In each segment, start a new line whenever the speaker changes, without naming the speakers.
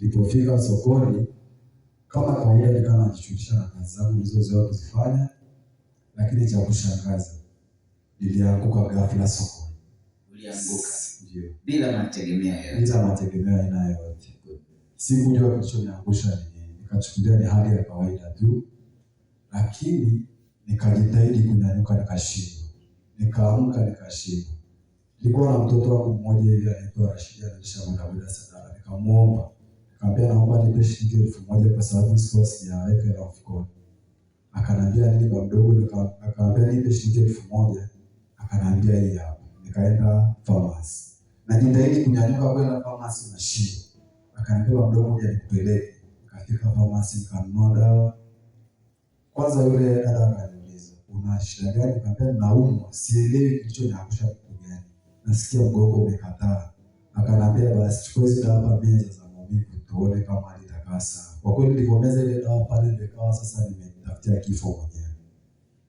Nilipofika sokoni, kama kawaida, nikawa najishughulisha na kazi zangu nilizozoea kuzifanya, lakini cha kushangaza nilianguka ghafla sokoni.
Ulianguka? Ndio, bila mategemeo,
bila mategemeo aina yoyote. Sikujua kilichoniangusha ni nini, nikachukulia ni hali ya kawaida tu, lakini nikajitahidi kunyanyuka, nikashindwa. Nikaamka, nikashindwa. Nilikuwa na mtoto wangu mmoja hivi anaitwa Rashid, anaendesha bodaboda Sadara, nikamwomba Akamwambia naomba nipe shilingi elfu moja kwa sababu sikuwa sijaweka hela mfukoni. Akaniambia nini kwa mdogo, akaniambia nipe shilingi elfu moja akaniambia hii hapa. Nikaenda pharmacy. Najitahidi kunyanyuka kwenda pharmacy na shindo. Akaniambia baba mdogo, je, nikupeleke? Nikafika pharmacy nikanunua dawa. Kwanza yule dada akaniuliza, una shida gani? Nikamwambia naumwa, sielewi kilichoniangusha kitu gani. Nasikia mgongo umekataa. Akaniambia basi chukua hizo dawa meza kuhubiri tuone kama litakaa Kwa kweli nilipomeza ile dawa pale nikawa sasa nimetafutia kifo mwenyewe.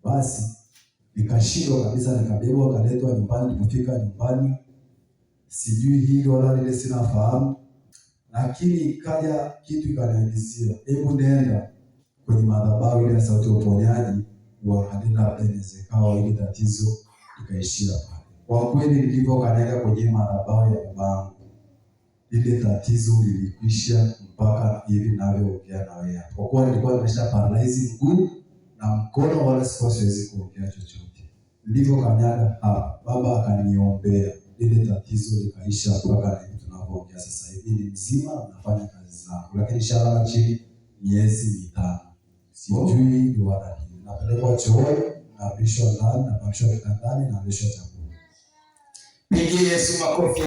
Basi nikashindwa kabisa, nikabebwa kaletwa nyumbani. Nilipofika nyumbani, sijui hili wala lile, fahamu lakini ikaja kitu ikaniagizia, hebu nenda kwenye madhabahu ile ya Sauti ya Uponyaji wa Hadina Benezekao, ili tatizo likaishia pale. Kwa kweli nilivyo kwenye madhabahu ya babangu ile tatizo lilikwisha mpaka hivi ninavyoongea na wewe hapo. Kwa kuwa nilikuwa nimesha paralyze mguu na mkono, wala sikuwa siwezi kuongea chochote. Ndivyo Nilivyokanyaga hapa, baba akaniombea, ile tatizo likaisha mpaka hivi tunavyoongea sasa hivi. Ni mzima, nafanya kazi zangu, lakini shalala chini miezi mitano, sijui ni wala nini. Napelekwa chooni, napishwa ndani, napakishwa kitandani, nalishwa chakula. Pigie Yesu makofi.